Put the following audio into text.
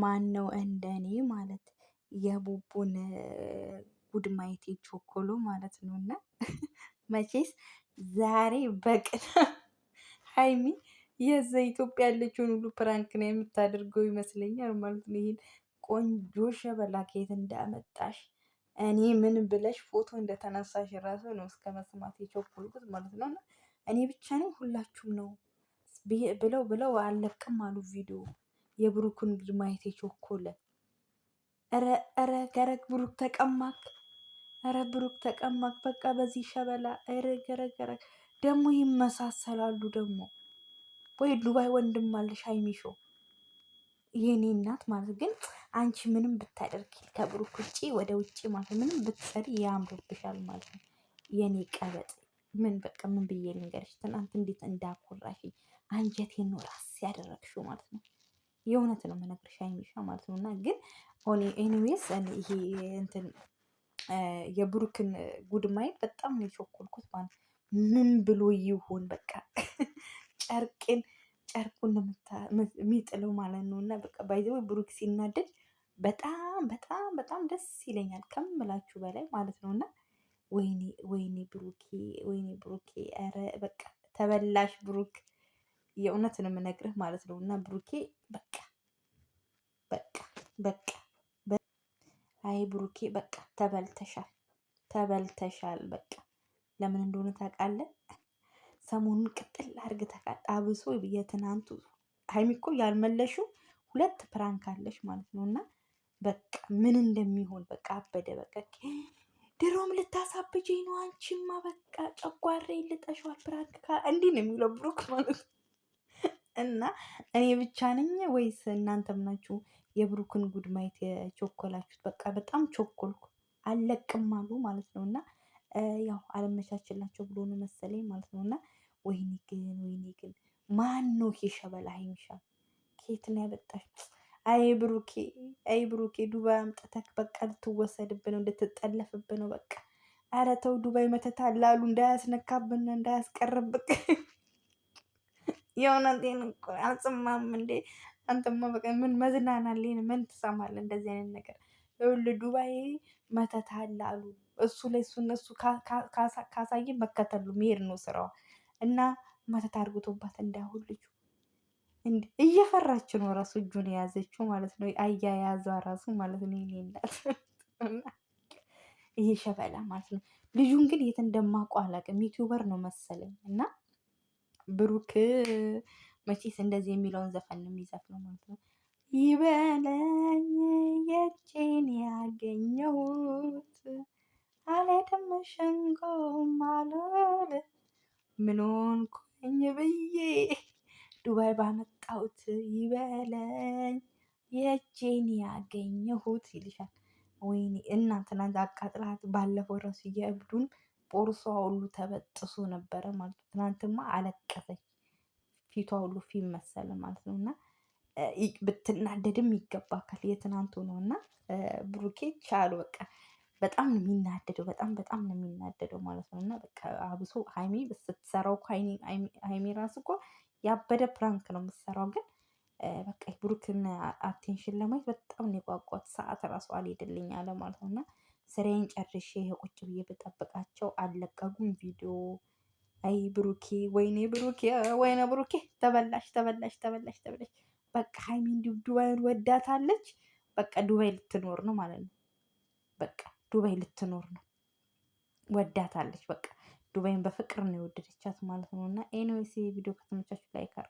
ማን እንደ እንደኔ ማለት የቡቡን ጉድ ማየት የቾኮሎ ማለት ነው። እና መቼስ ዛሬ በቅና ሀይሚ የዛ ኢትዮጵያ ያለችውን ሁሉ ፕራንክ ነው የምታደርገው ይመስለኛል ማለት ነው። ይህን ቆንጆ ሸበላ ከየት እንዳመጣሽ እኔ ምን ብለሽ ፎቶ እንደተነሳሽ ራሱ ነው እስከ መስማት የቸኮልኩት ማለት ነው። እና እኔ ብቻ ነኝ ሁላችሁም ነው ብለው ብለው አለቅም አሉ ቪዲዮ የብሩክን ማየት የቸኮለ ኧረ ገረግ ብሩክ ተቀማክ፣ ረ ብሩክ ተቀማክ፣ በቃ በዚህ ሸበላ ረ ገረግ ገረግ ደግሞ ይመሳሰላሉ። ደግሞ ወይ ዱባይ ወንድም አለሽ ሀይሚሾ የኔ እናት ማለት ግን አንቺ ምንም ብታደርጊ ከብሩክ ውጭ ወደ ውጭ ማለት ምንም ብትሰሪ ያምርብሻል ማለት ነው። የኔ ቀበጥ ምን በቃ ምን ብዬ ልንገርሽ፣ ትናንት እንዴት እንዳኮራሽኝ አንጀቴን ራስ ያደረግሽው ማለት ነው። የእውነት ነው የምነግርሽ ሀይሚሻ ማለት ነው። እና ግን ኤኒዌይስ ይሄ እንትን የብሩክን ጉድ ማየት በጣም ነው የቸኮልኩት ማለት ምን ብሎ ይሆን በቃ ጨርቄን ጨርቁን የሚጥለው ማለት ነው። እና በቃ ባይዘው ብሩክ ሲናደድ በጣም በጣም በጣም ደስ ይለኛል ከምላችሁ በላይ ማለት ነው። እና ወይኔ ወይኔ ብሩኬ ወይኔ ብሩኬ ኧረ በቃ ተበላሽ ብሩክ የእውነት ነው የምነግርህ ማለት ነው። እና ብሩኬ በቃ በቃ በቃ አይ ብሩኬ በቃ ተበልተሻል፣ ተበልተሻል። በቃ ለምን እንደሆነ ታውቃለህ? ሰሞኑን ቅጥል አድርግ ተቃጥ አብሶ የትናንቱ ሀይሚ እኮ ሁለት ፕራንክ አለሽ ማለት ነው። እና በቃ ምን እንደሚሆን በቃ አበደ። በቃ ድሮም ልታሳብጅኝ ነው አንቺማ። በቃ ጨጓሬ ልጠሸዋል ፕራንክ እንዲህ ነው የሚለው ብሩክ ማለት ነው። እና እኔ ብቻ ነኝ ወይስ እናንተም ናችሁ የብሩክን ጉድ ማየት የቸኮላችሁት? በቃ በጣም ቸኮልኩ አለቅም አሉ ማለት ነው። እና ያው አለመቻችላቸው ብሎ ነው መሰለኝ ማለት ነው። እና ወይኔ ግን ወይኔ ግን ማን ነው ይሄ ሸበላ ሀይሚሻ? ኬት ነው ያመጣሽ? አይ ብሩኬ፣ አይ ብሩኬ፣ ዱባይ አምጥተክ በቃ ልትወሰድብህ ነው፣ ልትጠለፍብህ ነው። በቃ ኧረ ተው ዱባይ መተታ ላሉ እንዳያስነካብን እንዳያስቀርብቅ የእውነቴን እኮ አልጽማም እንዴ አንተማ በቃ ምን መዝናናልኝ ምን ትሰማለህ? እንደዚህ አይነት ነገር ሁሉ ዱባይ መተት አለ አሉ እሱ ላይ እሱ እነሱ ካሳየ መከተሉ መሄድ ነው ስራዋ እና መተት አድርጎባት እንዳይሆን ልጁ እየፈራች ነው ራሱ እጁን የያዘችው ማለት ነው። አያያዟ ራሱ ማለት ነው። ይሄ እናት ይሄ ሸበላ ማለት ነው። ልጁን ግን የት እንደማውቀው አላውቅም። ዩቲዩበር ነው መሰለኝ እና ብሩክ መቼስ እንደዚህ የሚለውን ዘፈን ነው የሚዘፍነው ማለት ነው። ይበለኝ የቼን ያገኘሁት አልሄድም ሸንጎ ማልል ምንን ኮኝ ብዬ ዱባይ ባመጣሁት ይበለኝ የቼን ያገኘሁት ይልሻል። ወይኔ እናንትና አቃጥላት ባለፈው ራሱ የእብዱን ጥርሷ ሁሉ ተበጥሶ ነበረ ማለት ነው። ትናንትማ አለቀሰች፣ ፊቷ ሁሉ ፊት መሰለ ማለት ነው። እና ብትናደድም ይገባካል የትናንቱ ነው። እና ብሩኬ ቻሉ በቃ በጣም ነው የሚናደደው። በጣም በጣም ነው የሚናደደው ማለት ነው። እና በቃ አብሶ ሀይሚ ስትሰራው እኮ ሀይሚ ራሱ እኮ ያበደ ፕራንክ ነው የምትሰራው። ግን በቃ ብሩክን አቴንሽን ለማየት በጣም ነው የጓጓት። ሰዓት ራሱ አልሄድልኝ አለ ማለት ነው እና ስራዬን ጨርሼ ይሄ ቁጭ ብዬ ብጠብቃቸው አለቀጉም ቪዲዮ። አይ ብሩኬ፣ ወይኔ ብሩኬ፣ ወይኔ ብሩኬ፣ ተበላሽ፣ ተበላሽ፣ ተበላሽ፣ ተበላሽ። በቃ ሀይሚን ዱባይን ወዳታለች። በቃ ዱባይ ልትኖር ነው ማለት ነው። በቃ ዱባይ ልትኖር ነው፣ ወዳታለች። በቃ ዱባይን በፍቅር ነው የወደደቻት ማለት ነው። እና ኤኒዌይስ ቪዲዮ ከተመቻችሁ ላይክ